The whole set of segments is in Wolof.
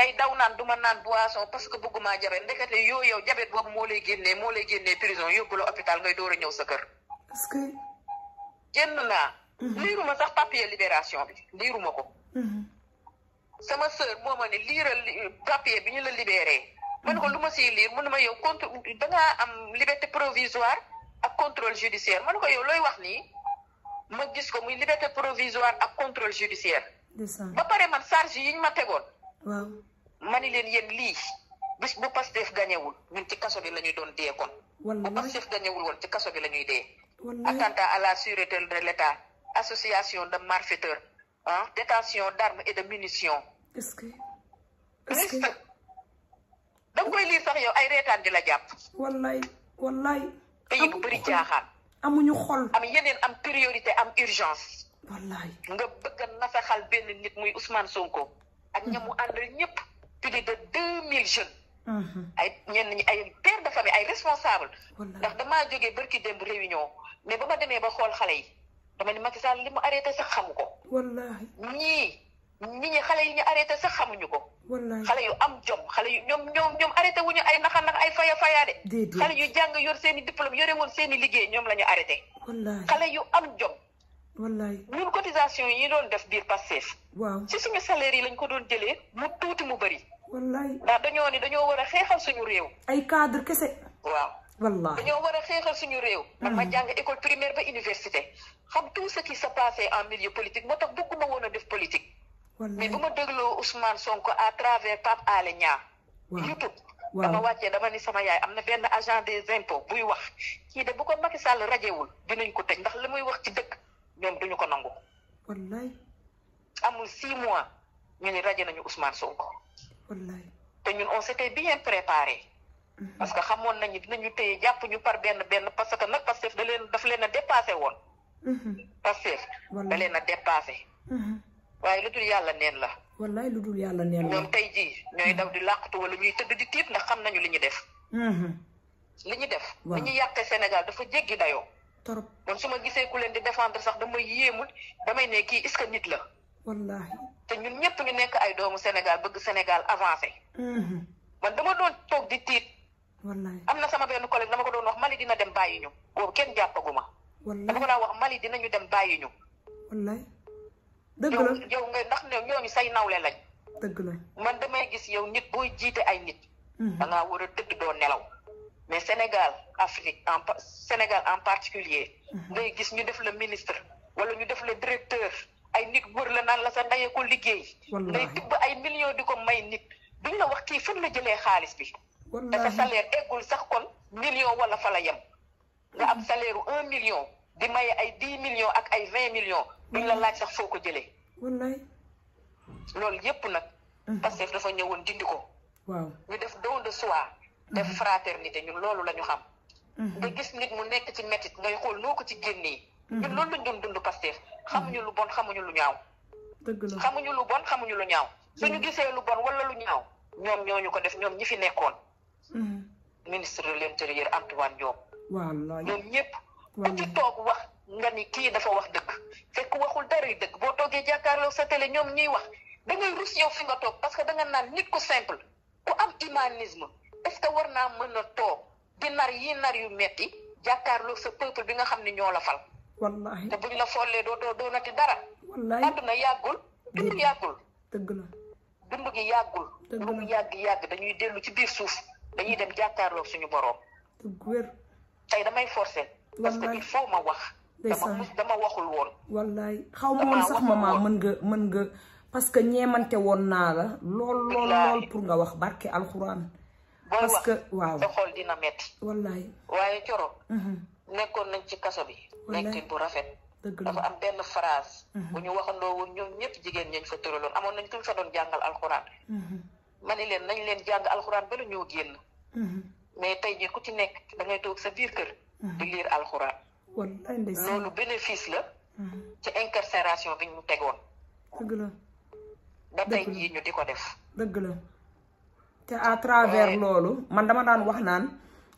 ngay daw naan du ma naan boisson parce que bëgguma jabet ndekete yoo yow jabet boobu moo lay génnee moo lay génnee prison yóbbu la hôpital ngay door a ñëw sa kër. parce que. naa. Mhm. liiruma sax papier libération bi liiruma ko. Mhm. sama sœur moo ma ne liiral papier bi ñu la libéré. mën ko mhm. lu ma siy liir mën ma yow contre da am liberté provisoire ak contrôle judiciaire man ko yow looy wax nii ma gis ko muy liberté provisoire ak contrôle judiciaire. ba pare man charge mani leen yéen lii bis bu Pastef gañewul ñun ci kaso bi la ñu doon dee kon. bu Pastef gañewul woon ci kaso bi la ñuy dee. attentat à la sûreté de l'État association de malfaiteurs ah détention d'armes et de munitions. est-ce que est-ce que. nga koy lii sax yow ay reetaan di la jàpp. wallaay wallaay. pays bu bëri jaaxaan. amuñu xol am yeneen am priorité am urgence. wallaay nga bëgg a nasaxal benn nit muy Ousmane Sonko. ak ñamu àndal ñëpp. plus de deux mille jeunes. Mhm. ay ñenn ñi ay père de famille ay responsable ndax damaa jógee barki démb réunion mais ba ma demee ba xool xale yi dama ne Macky Sall li mu arrêté sax xamu ko. wallaahi ñii ñi xale yi ñu arrêté sax xamuñu ko. xale yu am jom xale yu ñoom ñoom ñoom arrêté wuñu ay naxa nax ay faya fayaade. déedéet xale yu jàng yor seen i diplôme yore woon seen liggéey ñoom la ñu arrêté. xale yu am jom. wallaay ñun cotisation yi doon def biir Pastef. waaw ci suñu salaire yi lañ ko doon jëlee mu tuuti mu bëri. wallaay ndax dañoo ni dañoo war a xeexal suñu réew. ay cadre kese. waaw wallaay dañoo war a xeexal suñu réew. man ma hmm. jàng école primaire ba université xam tout ce qui sa passait en milieu politique moo tax bëgguma woon a def politique. mais bu ma dégloo Ousmane sonk à travers Pape Alé Niang. waaw YouTube dama wàccee dama ni sama yaay am na benn agent des impôts buy wax kii de bu ko Macky Sall rajewul dinañ ko tëj ndax li muy wax ci dëkk. ñoom duñu ko nangu. wallaay. amul six mois ñu ni raje nañu Ousmane Sonko. wallaay te ñun on s'était bien préparé. Mhm. parce que xamoon nañu dinañu téye jàpp ñu par benn benn parce que nag Pastef da leen dafa leen a dépassé woon. Mhm. Pastef da leen a dépassé. Mhm. waaye lu dul yàlla neen la. wallaay lu dul yàlla neen la ñoom tey jii ñooy daw di làqatu wala ñuy tëdd di tiit ndax xam nañu li ñu def. li ñu def. li ñu yàqee Sénégal dafa jéggi dayoo. torop man su ma gisee ku leen di defendre sax damay yéemul damay ne kii est-ce que nit la. wallaahi te ñun ñëpp ñu nekk ay doomu Sénégal bëgg Sénégal avancé. Mm-hmm. man dama doon toog di tiit. am na sama benn collègue dama ko doon wax Mali dina dem bàyyi ñu boobu kenn jàppaguma. wallaahi dama ko daan wax Mali dinañu dem bàyyi ñu. wallaahi dëgg la yow nga ndax ne ñooñu say nawle lañ. dëgg la man damay gis yow nit booy jiite ay nit. Mm-hmm. da ngaa war a tëdd doo nelaw. mais Sénégal Afrique en Sénégal en particulier mhm. ngay gis ñu def la ministre wala ñu def la directeur ay nit wër la naan la sa ndayee ko liggéey ngay tibb ay millions di ko may nit duñ la wax kii fan la jëlee xaalis bi te sa salaire eggul sax kon million wala fa la yem nga am mhm. salaire u un million di maye ay dix million ak ay vingt millions duñ la laaj sax foo ko jëlee loolu yépp nag mhm. parce que dafa ñëwoon dindi ko ñu def don de soi def mhm. fraternité ñun loolu lañu xam. Mhm. nga gis nit mu nekk ci métit ngay xool noo ko ci génnee. Mhm. ñun loolu lañ doon dund Pastef xamuñu lu bon xamuñu lu ñaaw. dëgg la xamuñu lu xamuñu lu ñaaw. suñu gisee lu bon wala lu ñaaw ñoom ñu ko def ñoom ñi fi nekkoon. ministre de l'intérieur Antoine Diome. wallaay ñoom ñëpp. ku ci toog wax nga ni kii dafa wax dëgg. fekk waxul dara dëkk boo toogee jàkkaarloo sa tele ñoom ñuy wax da ngay rus yow fi nga toog parce que da nga naan nit ku simple ku am humanisme. est que war naa mën a toog di nar yi nar yu metti jàkkaarloog sa peuple bi nga xam ne ñoo la fal. wallaahi te buñ la follee doo doo doonati dara. wallaahi àdduna yàggul dund yàggul. dëgg la dund mu yàgg yàgg dañuy dellu ci biir suuf dañuy dem jàkkaarloog suñu boroom. dëgg wér. tey damay force parce que il ma wax. dama dama waxul woon. wallaay xaw ma woon sax mën nga mën nga. parce que ñeemante woon naa la. lool lool lool pour nga wax barke alxuraan. booy wax sa xol dina metti wallaay waaye coro mhm. nekkoon nañ ci kaso bi nekkin bu rafet dafa am benn phrase mhm. u ñu waxandoo woon ñoom ñëpp jigéen ñañ fa tëraloon amoon nañ kuñ fa doon jàngal alxuraan mhm. ma ni leen nañ leen jàng alxuraan ba la ñoo génn mais tey jii ku ci nekk dangay ngay sa biir kër di liir alxuraan loolu bénéfice la ci incarcération bi ñu tegoon dëgg la ba tey jii ñu di ko def dëgg la ca à travers loolu man dama daan wax naan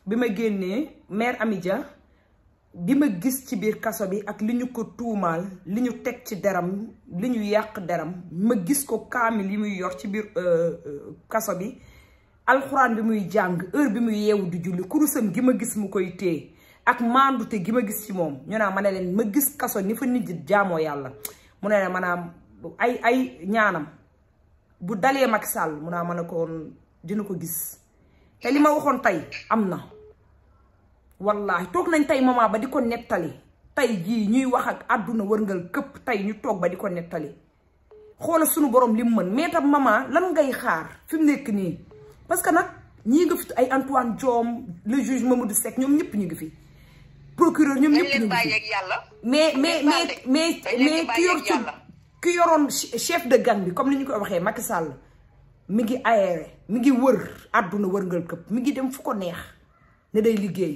bi ma génnee mère Amidia bi ma gis ci biir kaso bi ak li ñu ko tuumaal li ñu teg ci deram li ñu yàq deram ma gis ko kaamil yi muy yor ci biir euh, euh, kaso bi alxuraan bi muy jàng heure bi muy yeewu di julli kurusam gi ma gis mu koy téye ak maandute gi ma gis ci moom ñu naa ma ne leen ma gis kaso ni fa nit ji jaamoo yàlla mu ne ne maanaam ay ay ñaanam bu dalee mag Sall mu naa mën a ko woon dina ko gis te li ma waxoon tey am na wallaahi toog nañ tey maman ba di ko nettali tey jii ñuy wax ak àdduna wërngal këpp tey ñu toog ba di ko nettali xoola sunu borom li mu mën mais tam maman lan ngay xaar fi mu nekk nii parce que nag ñii nga fi ay Antoine Diome le juge Mamadou Seck ñoom ñëpp ñu ngi fi procureur ñoom ñëpp ñu ngi fi mais mais mais mais mais ki yor ci ki yoroon chef de gan bi comme li ñu koy waxee Macky Sall mi ngi aéré mi ngi wër àdduna wërngal këpp mi ngi dem fu ko neex ne day liggéey.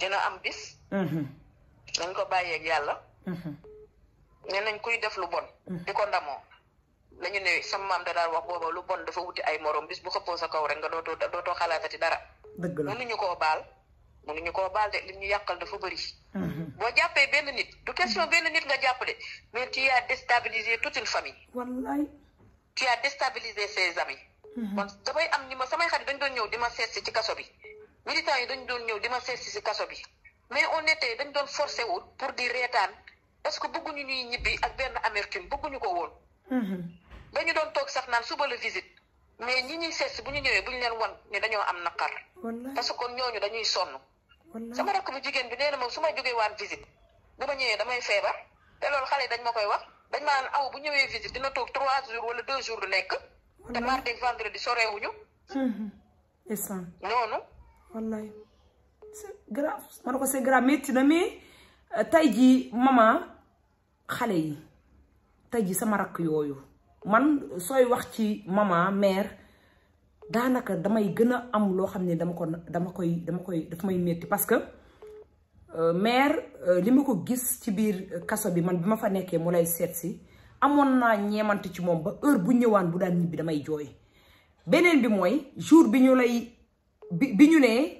dina am bis. Mhm. nañ ko bàyyeek yàlla. Mhm. ne nañ kuy def lu bon. Mhm. di ko ndamoo. la ñu ne sama maam da daal wax booba lu bon dafa wuti ay morom bis bu xëppoo sa kaw rek nga dootoo a xalaatati dara. dëgg la ñu koo baal. ñu koo baal de li ñu yàqal dafa bëri. boo jàppee benn nit du question benn nit nga jàpp de mais tu as déstabilisé toute une famille. wallaay. tu as déstabilisé ses amis. man mhm. damay am ni ma samay xarit dañ doon ñëw di ma seet ci kaso bi militants yi dañ doon ñëw di ma kaso bi mais on était dañ doon forcé wul pour di reetaan parce que bëgguñu ñuy ñibbi ak benn amertume bëgguñu ko woon. dañu mhm. doon toog sax naan suba la visite mais ñi ñuy seet bu ñu ñëwee bu ñu leen wan ne dañoo am naqar. parce que kon ñooñu dañuy sonn. sama rakk bu jigéen bi nee na moom su may jógee waan visite bu ma ñëwee damay feebar te loolu xale dañ ma koy wax. dañ maan aw bu ñëwee visite dina toog trois jours wala deux jours du nekk. te mardi ak vendredi soreewuñu. isaan. noonu. wallaay c'est grave ma ne ko c'est grave métti na mais euh, tey jii maman xale yi tey ji sama rakk yooyu man sooy wax ci maman mère daanaka damay gën a am loo xam ne dama ko dama koy dama koy daf may métti parce que. Euh, maire euh, li ma ko gis ci biir kaso bi man bi ma fa nekkee mu lay seet si amoon naa ñeemante ci moom ba heure bu ñëwaan bu daan ñibbi damay jooy beneen bi mooy jour bi ñu lay bi ñu nee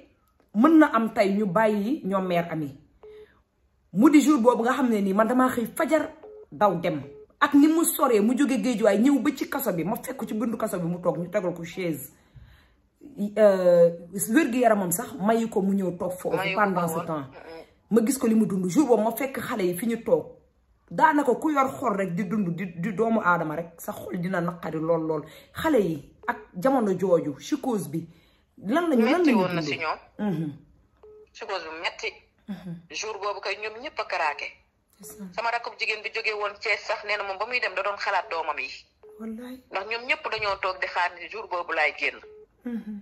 mën na am tey ñu bàyyi ñoom maire ami mu di jour boobu nga xam ne nii man dama xëy fajar daw dem ak ni mu soree mu jóge géejuwaay ñëw ba ci kaso bi ma fekk ci bindu kaso bi mu toog ñu tegal ko chaise euh, wér-gi-yaramam sax mayu ko mu ñëw toog foofu pendant temps ma gis ko li mu dund jour boobu ma fekk xale yi fi ñu toog daanaka ku yor xol rek di dund di di doomu aadama rek sa xol dina naqari lool lool xale yi ak jamono jooju psychose bi. lan lañu lan lañu woon na si ñoom. Mhm. psychose bi metti mhm. jour boobu kay ñoom ñëpp a karaake. sama rakk jigéen bi jógee woon Thiès sax nee na moom ba muy dem da doon xalaat doomam yi. wallaay ndax ñoom ñëpp dañoo toog di xaar ni jour boobu laay génn. Mhm.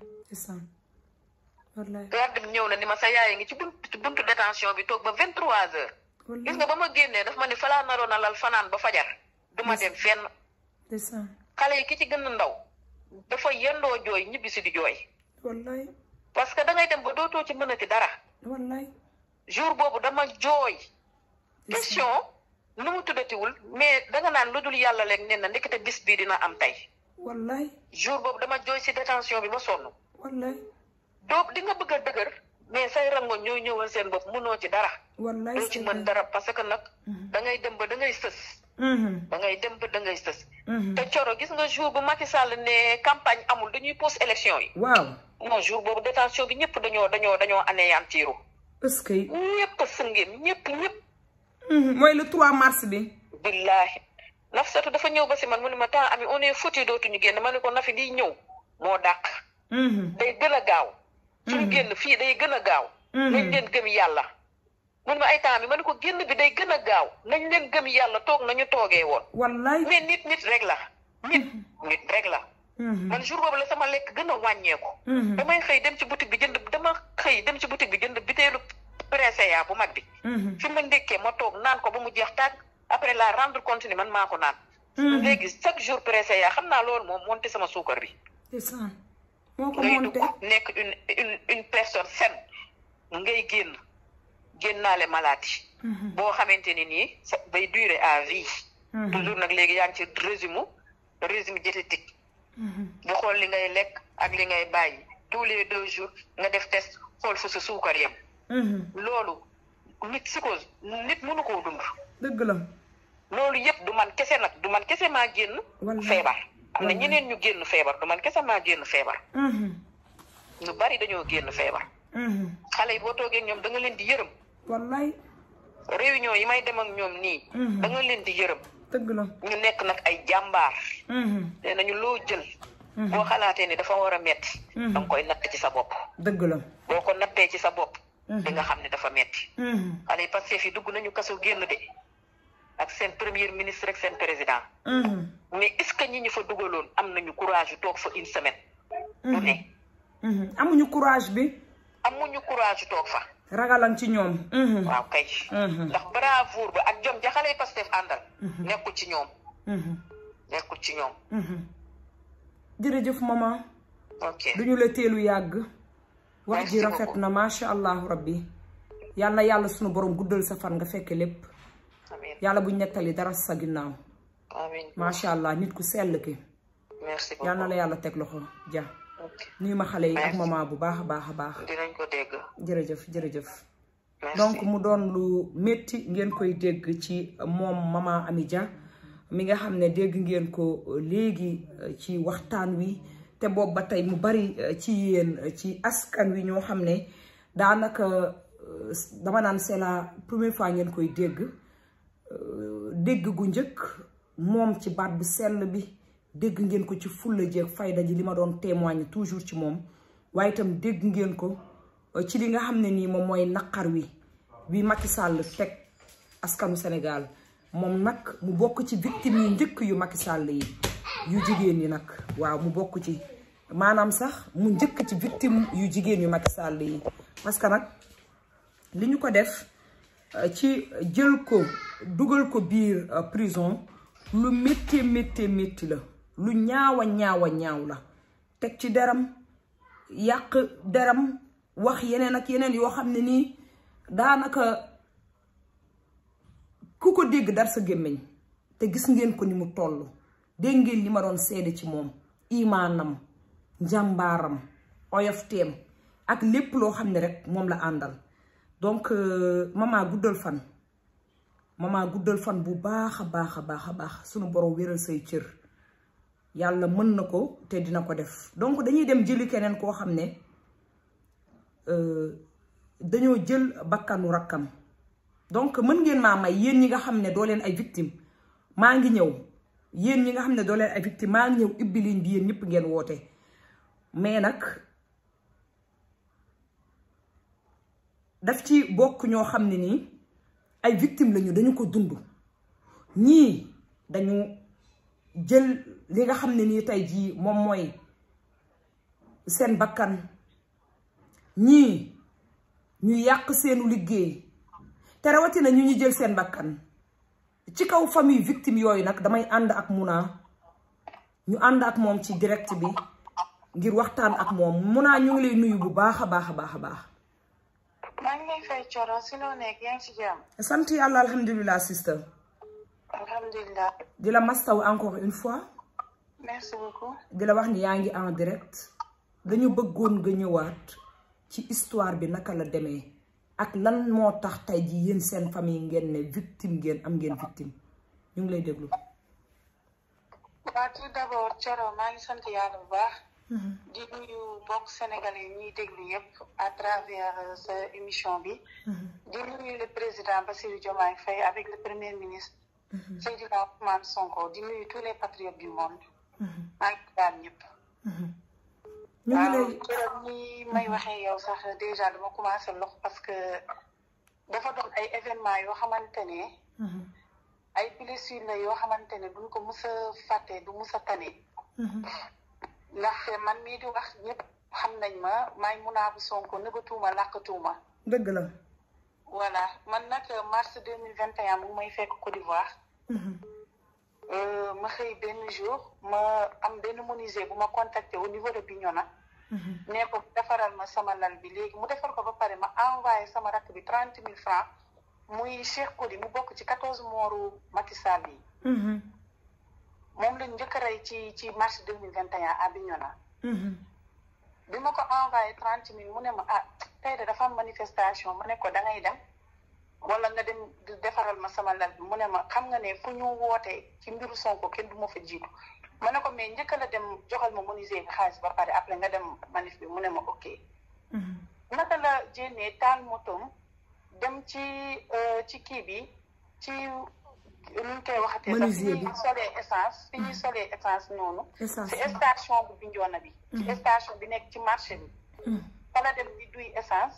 père bi ñëw na ni ma sa yaay ngi ci buntu ci buntu détention bi toog ba vingt trois heures gis nga ba ma génnee daf ma ni falaa naroon a lal fanaan ba fajar duma dem fenn xale yi ki ci gën a ndaw dafa yendoo jooy ñibbi si di jooy wallaay parce que da ngay dem ba dootoo ci mënati dara jour boobu dama jooy question nu mu tuddatiwul mais danga naan lu dul yàlla leeg nee na ndekete bis bii dina am tey wallaay jour boobu dama jooy si détention bi ba sonn doo di nga bëgg a dëgër mais say rango ñoo ñëwal seen bopp mënoo ci dara. wallaay doo ci mën dara parce que nag. da dem ba da ngay sës. da ngay dem ba da ngay sës. Mhm. Mhm. te coro gis nga jour bu Macky Sall ne campagne amul dañuy pose élection yi. waaw boobu détention bi ñëpp dañoo dañoo dañoo anéantiru. est-ce que. ñëpp sëngéem ñëpp ñëpp. Mhm. mooy le 3 mars bi. billaahi Nafsatou dafa ñëw ba si man mu ne ma temps ami on est foutu dootuñu génn ma ne ko Nafi liy ñëw moo dàq. day gën a gaaw. suñu mm-hmm. génn fii day gën a gaaw mm-hmm. nañ leen gëm yàlla mun ma ay temps bi ma ne ko génn bi day gën a gaaw nañ leen gëm yàlla toog nañu toogee woon wallaay mais nit nit rek la mm-hmm. nit nit rek la man jour boobu la sama lekk gën a wàññeeku damay xëy dem ci boutique bi jënd dama xëy dem ci boutique bi jënd biteelu pressé yaa bu mag bi fi ma ndekkee ma toog naan ko ba mu jeex tàgg après la rendre compte ni man maako ko naan léegi chaque jour pressé yaa xam naa loolu moom monte sama suukar bi moo ko ngay dugg nekk une une une personne saine ngay génn génnaale maladie. Mhm. boo xamante ne nii bay durer à vie. Mhm. toujours nag léegi yaa ngi ci régime régime diététique. di mhm. xool li ngay lekk ak li ngay bàyyi tous les deux jours nga def test xool fu sa suukar yem. loolu nit psychose nit mënu koo dund. dëgg la. loolu yëpp du man kese nag du man kese maa génn. feebar. am na ñeneen ñu génn feebar du man kese génn feebar. Mhm. bari dañoo génn feebar. Mhm. xale yi boo toogee ñoom da leen di yërëm. yi may dem ak ñoom nii. Mhm. da leen di yërëm. dëgg la ñu nekk nag ay jàmbaar. nee nañu loo jël. boo xalaatee ni dafa war a mett da koy natt ci sa bopp. dëgg la boo ko nattee ci sa bopp. di nga xam ne dafa metti. xale yi parce que fii dugg nañu kaso génn de. ak seen premier ministre ak seen président. Mhm. mais est-ce que ñi ñu fa dugaloon am nañu courage toog fa une semaine. du mhm. ne. Mhm. amuñu courage bi. amuñu courage toog fa. ragalan ci ñoom. ndax bravoure bi ak jom jaxale Pastef àndal. nekkul ci ñoom. nekkul ci ñoom. jërëjëf maman. ok duñu la teelu yàgg. wax ji rafet na macha allah rabbi yal na yàlla sunu borom guddal sa nga fekke lépp. yàlla buñ nettali dara sa ginnaaw. macha allah nit ku sell ki. merci la yàlla teg loxo ja. nuyu ma xale yi ak bu baax a baax a baax. dinañ jërëjëf jërëjëf. donc mu doon lu métti ngeen koy dégg ci moom maman Amy Dia mi nga xam ne dégg ngeen ko léegi euh, ci waxtaan wi te boobu ba tey mu bari euh, ci yéen euh, ci askan wi ñoo xam ne daanaka dama naan c'est la première fois ngeen koy dégg. dégg gu njëkk moom ci baat bu sell bi dégg ngeen ko ci fulla jeeg fayda ji li ma doon témoigner toujours ci moom waaye itam dégg ngeen ko euh, ci li nga xam ne nii moom mooy naqar wi bi Macky Sall teg askanu Sénégal moom nag mu bokk ci victime yu njëkk yu Macky sàll yi yu jigéen yi nag waaw mu bokk ci maanaam sax mu njëkk ci victime yu jigéen yu Macky Sall yi parce que nag li ñu ko def euh, ci jël ko dugal ko biir euh, prison lu métti métti métti la lu ñaawa ñaawa ñaaw la teg ci deram yàq deram wax yeneen ak yeneen yoo xam ne nii daanaka ku ko dégg dar sa gémmiñ te gis ngeen ko ni mu toll dégg ngeen li ma doon seede ci moom imaanam njàmbaaram oyofteem ak lépp loo xam ne rek moom la àndal donc euh, maman guddal fan mama guddal fan bu baax a baax a baax a baax sunu borom wéral say cër yàlla mën na ko te dina ko def donc dañuy dem jëli keneen koo xam ne euh, dañoo jël bakkanu rakkam donc mën ngeen maa may yéen ñi nga xam ne doo leen ay victime maa ngi ñëw yéen ñi nga xam ne doo leen ay victime maa bi yéen ñëpp ngeen woote mais nag def ci bokk ñoo xam ne nii ay victime lañu dañu ko dund ñii dañu jël li nga xam ne nii tey jii moom mooy seen bakkan ñii ñu yàq seenu liggéey te rawatina ñu ñu jël seen bakkan ci kaw famille victime yooyu nag damay ànd ak Muna ñu ànd ak moom ci direct bi ngir waxtaan ak moom Muna ñu ngi lay nuyu bu baax a baax a baax a baax maa ngi lay fay Coro si loo nekk yaa ngi ci jàmm. sant yàlla alhamdulilah sister. di la mastaw encore une fois. merci beaucoup. di la wax ni yaa ngi en direct. dañu bëggoon nga ñëwaat ci histoire bi naka la demee ak lan moo tax tey ji yéen seen famille ngeen ne victime ngeen am ngeen victime ñu ngi lay déglu. di nuyu mbokk sénégalais yi ñuy déglu yëpp à travers euh, sa émission bi. di nuyu le président Bassirou Diomaye Faye avec le premier ministre. Seydina Ousmane Sonko di nuyu tous les patriotes du monde. maa ngi daal ñëpp. may waxee yow sax déjà dama commencé lox parce que dafa doon ay événements yoo xamante ne. ay blessures la yoo xamante ne duñ ko mus a fàtte du mus a ndaxte man mii di wax ñëpp xam nañ ma maay munaa bu Sonko nëbbatuuma làqatuuma dëgg la voilà man nag euh, mars deux mille vingt et mu may fekk Côte d'Ivoire mhm. euh, ma xëy benn jour ma am benn menuisier bu ma contacté au niveau de Bignona mhm. ne ko defaral ma sama lal bi léegi mu defar ko ba pare ma envoyé sama rakk bi trente mille francs muy Cheikh Kodi mu bokk ci quatorze mooru Macky Sall yi mhm. moom lañ njëkk ci ci mars deux mille vingt et un à Bignona. Mhm. bi ma ko envoyé trente mille mu ne ma ah tey de dafa manifestation mu ne da ngay dem wala nga dem defaral ma sama lal bi ne ma xam nga ne fu ñu wootee ci mbiru Sonko kenn du ma fa jiitu ma ne ko mais njëkk la dem joxal ma menuisier xaalis ba pare après nga dem manif bi mu ne ma ok. Mhm. naka la jénnee taal motom dem ci euh, ci kii bi ci. nu ñu koy waxatee menuisier bi solee essence fi ñuy solee essence noonu ci station bu Bignona bi ci mm-hmm. station bi nekk ci marché bi mm-hmm. fa la dem di duy essence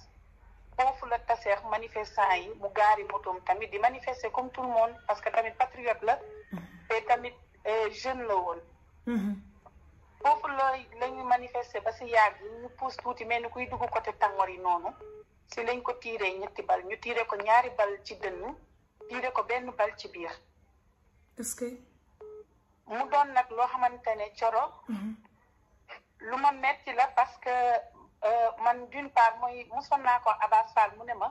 foofu la taseex manifestant yi mu gaari motoom tamit di manifester comme tout le monde parce que tamit patriote la mm-hmm. te tamit euh, jeune la woon foofu la la ñuy manifester ba si yàgg ñu pousse tuuti mel ni kuy dugg côté tàngoor yi noonu si lañ ko tiiree ñetti bal ñu tiire ko ñaari bal ci dënn tiire ko benn bal ci biir. est que. mu doon nag loo xamante ne coro. Mhm. lu ma metti la parce que euh, man d'une part mooy mosoon naa ko Abass Fall mu ne ma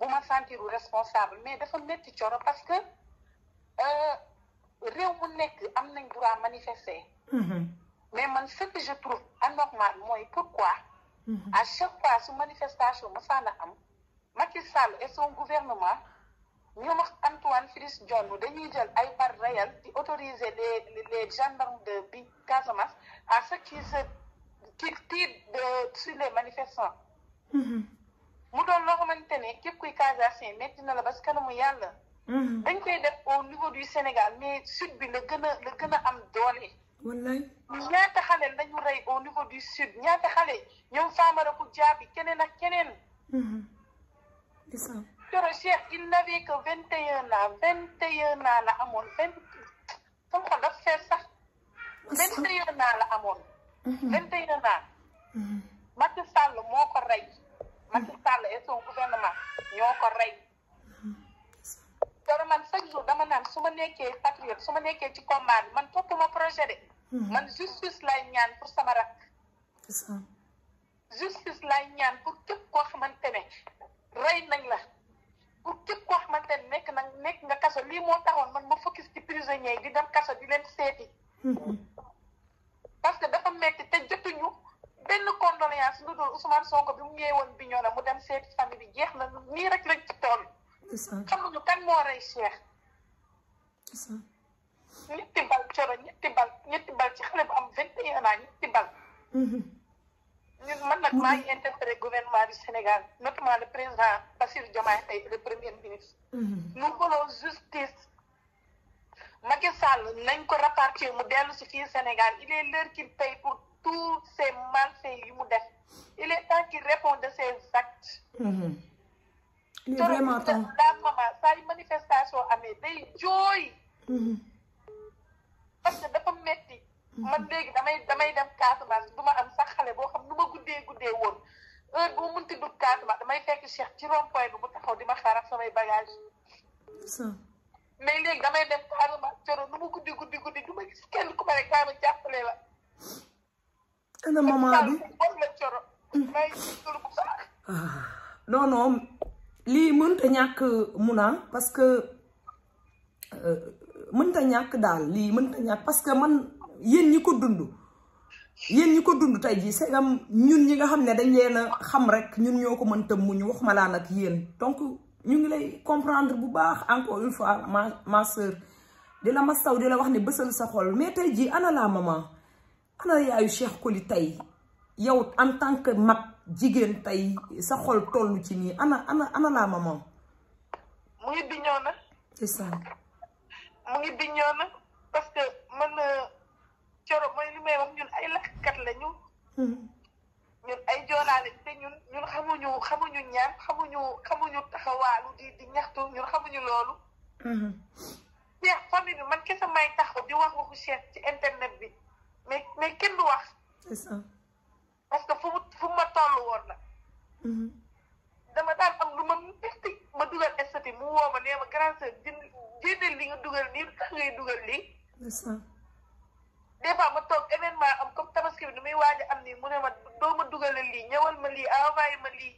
bu ma sentiru responsable mais dafa metti coro parce que euh, réew mu nekk am nañ droit manifester. Mhm. mais man ce que je trouve anormal mooy pourquoi. Mhm. à chaque fois su manifestation ma saana am Macky Sall et son gouvernement. ñoom ak Antoine Félix Diome dañuy jël ay par réel di autoriser les les de bi Casamance à ce qu'ils se kii tirent de sur manifestants. Mm-hmm. mu doon loo xamante ne képp kuy Casassin métti na la parce que kanamu yàlla. Mm-hmm. dañ koy def au niveau du Sénégal mais sud bi la gën a la gën a am doole. wallaay ñaata xale lañu rey au niveau du sud ñaata xale ñoom Famara ku jaabi keneen ak keneen. Mm-hmm. kero Cheikh na n'avait que vingt et un ans vingt et un ans la amoon vingt sama xol daf fees sax vingt et un ans la amoon mhm. vingt et un ans mhm. Macky Sall moo ko rey Macky Sall et son gouvernement ñoo ko rey kero man chaque dama naan su ma nekkee patriote su ma nekkee ci combat man toppuma projet de mhm. man justice lay ñaan pour sama rak justice lay ñaan pour képp koo xamante ne rey nañ lii moo taxoon man ma fokki ci prisonniers yi di dem kaso di leen seeti. parce que dafa metti te jotuñu benn condoléance lu dul Ousmane Sonko bi mu ñëwee woon bi ñoo mu dem seeti famille bi jeex na nii rek lañ ci xam xamuñu kan moo rey Cheikh. ñetti bal coro ñetti bal ñetti bal ci xale bu am vingt et un ans bal. Mm-hmm. ñun man nag maa ngi interpellé gouvernement du Sénégal notamment le président Bassirou Diomaye Faye le premier ministre. Mhm. nous voulons justice. Macky Sall nañ ko rapatrier mu dellu si fii Sénégal il est l'heure qu'il paye pour tous ces malfaits yu mu def il est temps qu'il réponde de ses actes. Mhm. il est maman saa manifestation amee day jooy. Mhm. parce que dafa metti Mhm. man léegi damay damay dem Casamance du ma am sax xale boo xam nu ma guddee guddee woon heure bu munti dugg Casamance damay fekk Cheikh ci rond point bi taxaw di ma xaar samay bagage mais léegi damay dem Casamance coro guddi guddi guddi du kenn ku ma ne kaay ma jàppale la. ana maman bi bor la coro. may lu bu baax. Ah. non non lii mënta ñàkk Mouna parce que euh, mënta ñàkk daal lii mënta ñàkk parce man. yéen ñi ko dund yéen ñi ko dund tey jii segam ñun ñi nga xam ne dañ leen a xam rek ñun ñoo ko mën mu ñu wax ma laa nag yéen donc ñu ngi lay comprendre bu baax encore une fois ma ma sœur di la saw di la wax ne bësal sa xol mais tey jii ana la maman ana yaayu Cheikh tey yow en tant que mag jigéen tey sa xol toll ci nii ana ana ana la maman. mu ngi di ñëw na. c'est ça. mu ngi di ñëw na parce que man. Euh, coro mooy li may wax ñun ay lakkat lañu. Hmm. ñun ay joolaa lañ ñun ñun xamuñu xamuñu ñaan xamuñu xamuñu taxawaalu di di ñaxtu ñun xamuñu loolu. Hmm. cheikh famille bi man kese may taxaw bi wax waxu cheikh ci internet bi mais mais kenn du wax. parce que fu mu fu ma toll woon la. Hmm. dama daan am lu ma metti ma dugal estati mu woo ma nee ma grand sœur génne li nga dugal nii tax ngay dugal lii. des fois ma toog événement am comme tabaski bi nu muy waaj am nii mu ne ma doo ma dugalal lii ñëwal ma lii envoyé ma lii.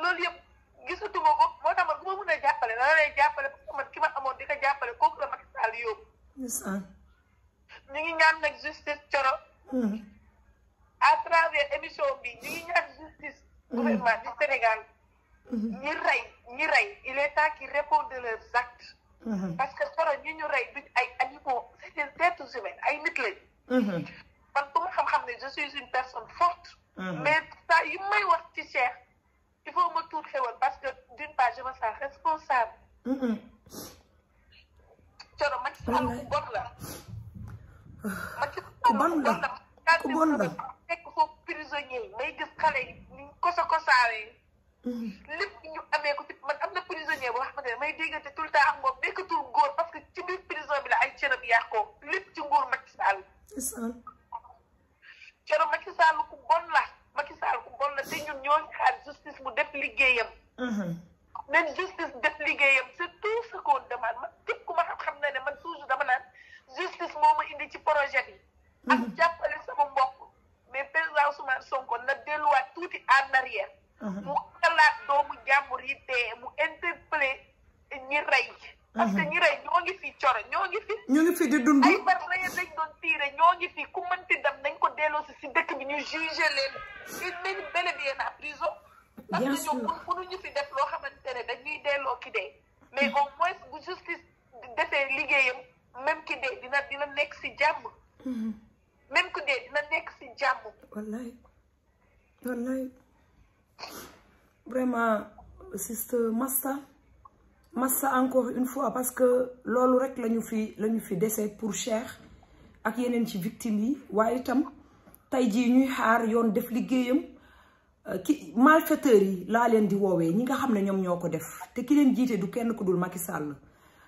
loolu yëpp gisatuma ko moo tax man ku a jàppale dana lay jàppale parce que man ki ma amoon di ko jàppale kooku la Macky Sall yóbbu. ñu ngi ñaan nag justice coro. Hmm. à travers émission bi ñu ngi ñaan justice. Hmm. gouvernement du Sénégal. Hmm. ñi rey ñi rey il est temps qu'ils répondent de leurs actes. Mm-hmm. parce que soro ñi ñu rey ay animaux c'est des êtres ay nit lañu. Mm-hmm. man bu xam-xam ne je suis une personne forte. Mm-hmm. mais ça yi may wax ci Cheikh il faut ma tuut xewal parce que d'une part je me sens responsable. soro ma ci xam ku bon la. ma ci xam ku bon la ku la fekk foofu prisonnier yi may gis xale yi ñu kosa lépp ñu amee ko ci man am na prisonnier boo xamante ne may déggante tout le temps ak moom nekkatul góor parce que ci biir prison bi la ay cëram yàqoo lépp ci nguur Macky Sall. cëram Macky Sall ku bon la Macky Sall ku bon la te ñun ñoo ngi xaar justice mu def liggéeyam. même uh-huh. justice def liggéeyam c'est tout ce qu'on demande man képp ku ma xam xam na ne man toujours dama naan justice moo ma indi ci projet bi. Uh-huh. ak jàppale sama mbokk mais président Ousmane Sonko na delluwaat tuuti en arrière. Uh-huh. mu xalaat doomu jàmbur yi dee mu interpellé ñi rey. Uh-huh. parce que ñi ñoo ngi fi coro ñoo ngi fi. ñoo ngi fi di dund ay bari la yéen dañ doon tiire ñoo ngi fi ku mënti dem nañ ko delloosi si dëkk bi ñu jugé leen une minute bel et bien à prison. bien sûr parce que ñoom mënuñu fi def loo xamante ne dañuy delloo ki dee. mais au moins bu justice defee liggéeyam même ki dee dina dina nekk si jàmm. Uh-huh. même ki dee dina nekk si jàmm. wallaay vraiment siste massa massa encore une fois parce que loolu rek lañu fi la ñu fi dese pour Cheikh ak yeneen ci victime yi waaye itam tey jii ñuy xaar yoon def liggéeyam euh, ki malfaiteurs yi laa leen di woowee ñi nga xam ne ñoom ñoo ko def te ki leen jiite du kenn ku dul Macky Sall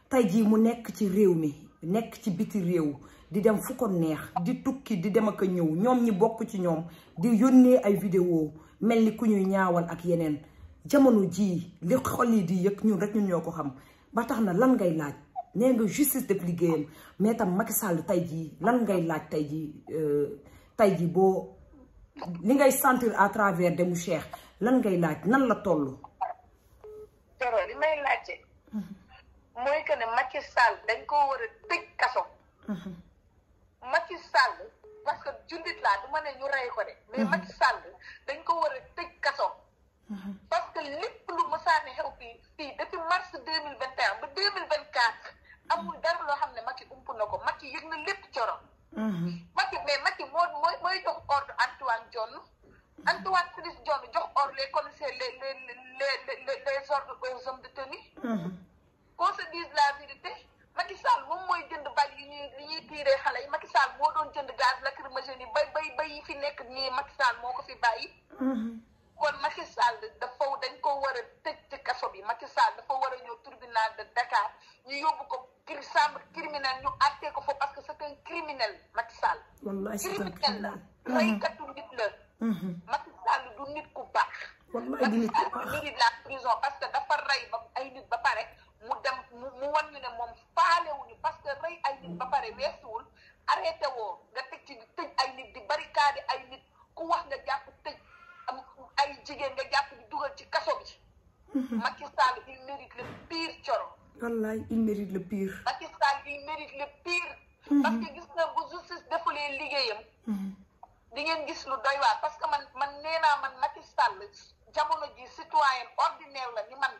tey jii mu nekk ci réew mi nekk ci biti réew di dem fu ko neex di tukki di dem ak a ñëw ñoom ñi bokk ci ñoom di yónnee ay vidéo mel ni ku ñuy ñaawal ak yeneen jamono jii li xol yi di yëg ñun rek ñun ñoo ko xam ba tax na lan ngay laaj nee nga justice def liggéeyam mais tam Macky Sall tey jii lan ngay laaj tey jii euh, tey jii boo li ngay sentir à travers mu Cheikh lan ngay laaj nan la toll. Doro li may laajte. Mhm. mooy que ne Macky dañ koo war a tëj kaso. Mhm. Macky Sall parce que jundit laa du ma ne ñu rey ko de. mais mhm. Macky Sall dañ ko war a tëj mhm. parce que lépp lu masaani xew fii fii depuis mars deux mille vingt et un deux mille vingt quatre amul dara loo xam ne Macky ump na ko Macky yëg na lépp coro. Mhm. Macky mais Macky moo mooy mooy jox ordre Antoine Diome. Antoine Félix Diome jox ordre les commissaires les les les les ordres de tenue. qu'on se la vérité. Macky Sall moom mooy jënd bal yi ñuy yi ñuy tiiree xale yi Macky Sall doon jënd gaz lacrymogène yi bay bay bay fi nekk nii Macky Sall moo ko fi bàyyi. Mm-hmm. kon Macky Sall dafa dañ ko war a tëj ci kaso bi Macky tribunal de Dakar ñu yóbbu ko cri chambre criminel ñu àttee ko foofu parce que c'est un criminel Macky Sall. wallaahi c'est un criminel la mm-hmm. mm-hmm. reykatu nit la. Macky Sall du nit ku baax. wallaahi du nit ku baax Macky du nit la prison parce que dafa rey ba ay nit ba pare. mu dem mu mu wan ñu moom faalewuñu parce que rey ay nit ba pare weesuwul arrêté woo nga tëj ci tëj ay nit di barricade ay nit ku wax nga jàpp tëj ay jigéen nga jàpp di dugal ci kaso bi. Mhm. Macky Sall il le pire coro. wallaay il mérite le mhm. parce que gis na bu justice defulee liggéeyam. Mhm. di ngeen gis lu doy waar parce que man man nee man Macky Sall jamono ji citoyen ordinaire la ni man.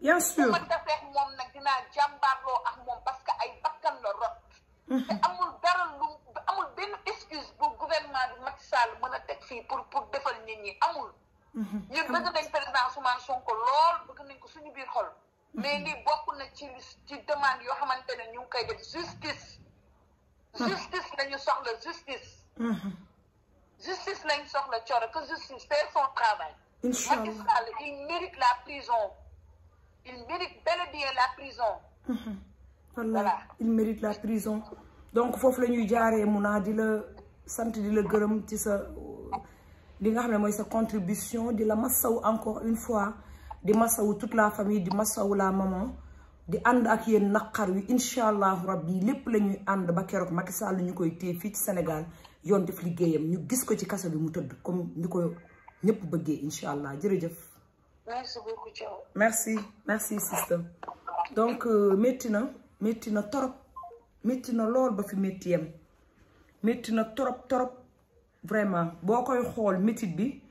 bien sûr ma defee moom nag dinaa jàmbaarloo ak moom parce que ay bakkan la rot mm-hmm. te amul dara lu amul benn excuse bu gouvernement bi Macky Sall mën a teg fii pour pour defal nit ñi amul mm-hmm. ñun bëgg nañ président Ousmane Sonko lool bëgg nañ ko suñu biir xol mm-hmm. mais lii na ci ci demande yoo xamante ne ñu ngi koy def justice justice lañu soxla justice justice lañ soxla coro que justice fait son travail Macky Sall il mérite la prison il mérite bel et la prison. donc foofu la ñuy jaaree mun naa di la sant di la gërëm ci sa li nga xam ne mooy sa contribution di la masawu encore une fois di masawu toute la famille di masawu la maman di ànd ak yéen naqar wi incha allahu rabbi lépp la ñuy ànd ba keroog Macky Sall ñu koy téye fii ci Sénégal yoon def liggéeyam ñu gis ko ci kaso bi mu tëdd comme ñu ko ñëpp bëggee incha allah jërëjëf. merci beaucoup merci merci sister donc euh, métti na métti na torop métti na lool ba fi métti yam métti na trop torop vraiment boo koy xool métit bi.